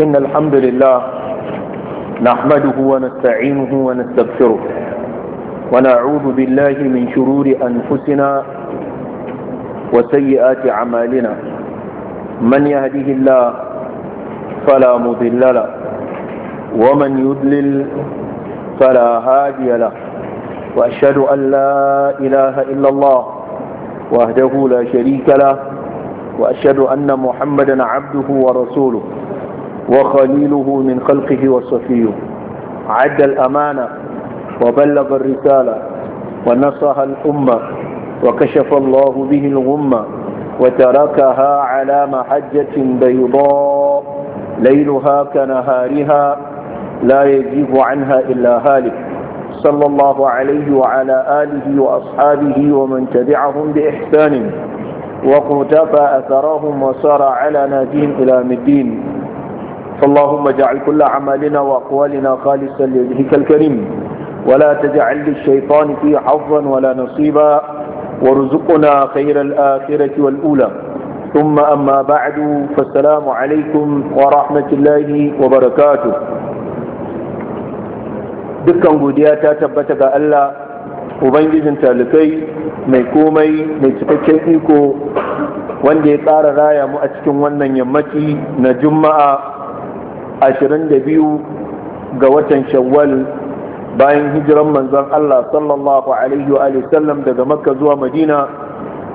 إن الحمد لله نحمده ونستعينه ونستغفره ونعوذ بالله من شرور أنفسنا وسيئات أعمالنا من يهده الله فلا مضل له ومن يضلل فلا هادي له وأشهد أن لا إله إلا الله وأهده لا شريك له وأشهد أن محمدا عبده ورسوله وخليله من خلقه وصفيه عد الأمانة وبلغ الرسالة ونصح الأمة وكشف الله به الغمة وتركها على محجة بيضاء ليلها كنهارها لا يجيب عنها إلا هالك صلى الله عليه وعلى آله وأصحابه ومن تبعهم بإحسان وقتفى أثرهم وسار على نادين إلى مدين فاللهم اجعل كل عمالنا وأقوالنا خالصا لوجهك الكريم ولا تجعل للشيطان فيه حظا ولا نصيبا وارزقنا خير الآخرة والأولى ثم أما بعد فالسلام عليكم ورحمة الله وبركاته dukkan godiya ta tabbata ga Allah Ubangijin talibai mai komai mai cikakken iko wanda ya tsara raya mu a cikin wannan yammaci na juma'a 22 ga watan shawwal bayan hijiran manzon Allah sallallahu alaihi wa sallam daga makka zuwa madina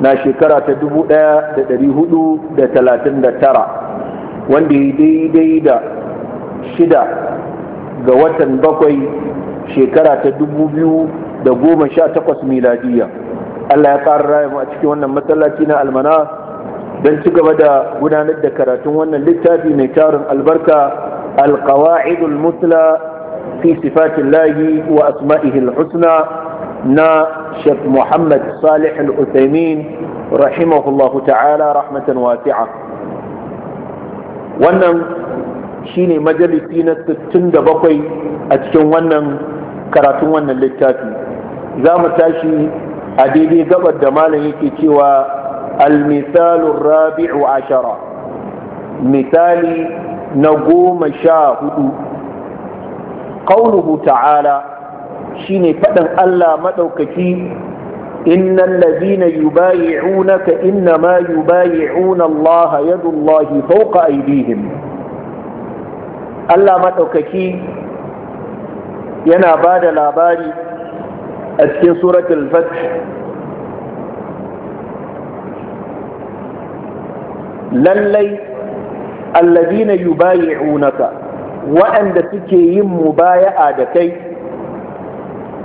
na shekara ta 1439 wanda ya daidai da shida ga watan bakwai shekara ta 2018 miladiya Allah ya ƙara rayu a cikin wannan masallaci na almana don ci gaba da gudanar da karatun wannan littafi mai tarin albarka alkawa'idul musla fi sifatin lahi wa asma'ihil husna na shek muhammad salih al-uthaymin rahimahullahu ta'ala rahmatan wasi'a wannan shine majalisi na 67 a cikin wannan karatun wannan littafi za mu tashi a daidai gabar da malam yake cewa المثال الرابع عشر مثال نقوم شاهد قوله تعالى شين فدن ألا مدوكتي إن الذين يبايعونك إنما يبايعون الله يد الله فوق أيديهم ألا مدوكتي ينا بعد الأباري أسكن سورة الفتح lallai alladina yubayi'unaka waɗanda suke yin mubaya'a da kai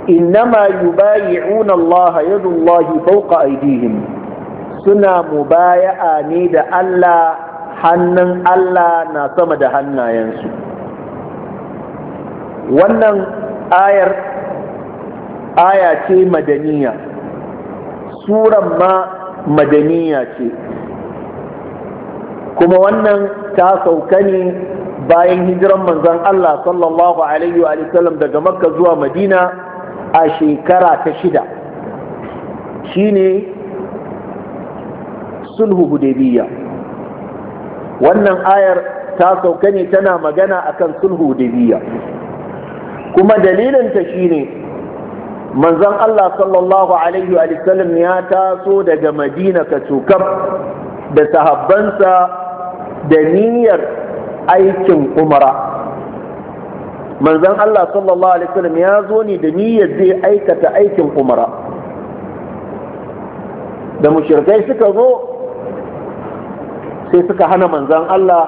innama yubayi'una Allah yadullahi fawqa aydihim suna mubaya'a ne da Allah hannun Allah na sama da hannayensu wannan ayar aya ce madaniya suran ma madaniya ce kuma wannan ta sauka ne bayan hijiran manzon Allah sallallahu alaihi wa sallam daga makka zuwa madina a shekara ta shida shine sulhu hudaybiya wannan ayar ta sauka ne tana magana akan sulhu hudaybiya kuma dalilinta shine manzon Allah sallallahu alaihi wa sallam ya taso daga madina ka da sahabbansa da niyyar aikin umara manzan Allah sallallahu alaihi wasallam ya zo ne da niyyar zai aikata aikin umara da mushrikai suka zo sai suka hana manzan Allah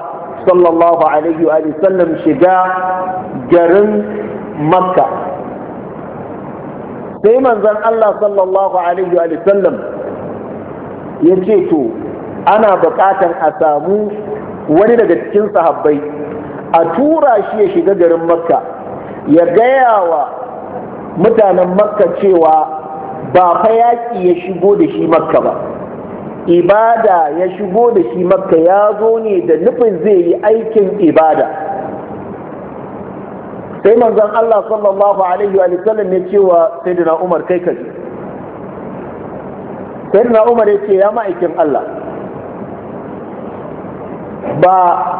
sallallahu alaihi wa shiga garin makka sai manzan Allah sallallahu alaihi wa ya ce to ana buƙatar a samu wani daga cikin sahabbai a tura shi ya shiga garin makka ya gaya wa mutanen makka cewa ba fa yaƙi ya shigo da shi makka ba ibada ya shigo da shi makka ya zo ne da nufin zai yi aikin ibada sai manzon Allah sallallahu alaihi wa sallam ya cewa sayyidina Umar kai ji, sayyidina Umar ya ce ya ma'aikin Allah ba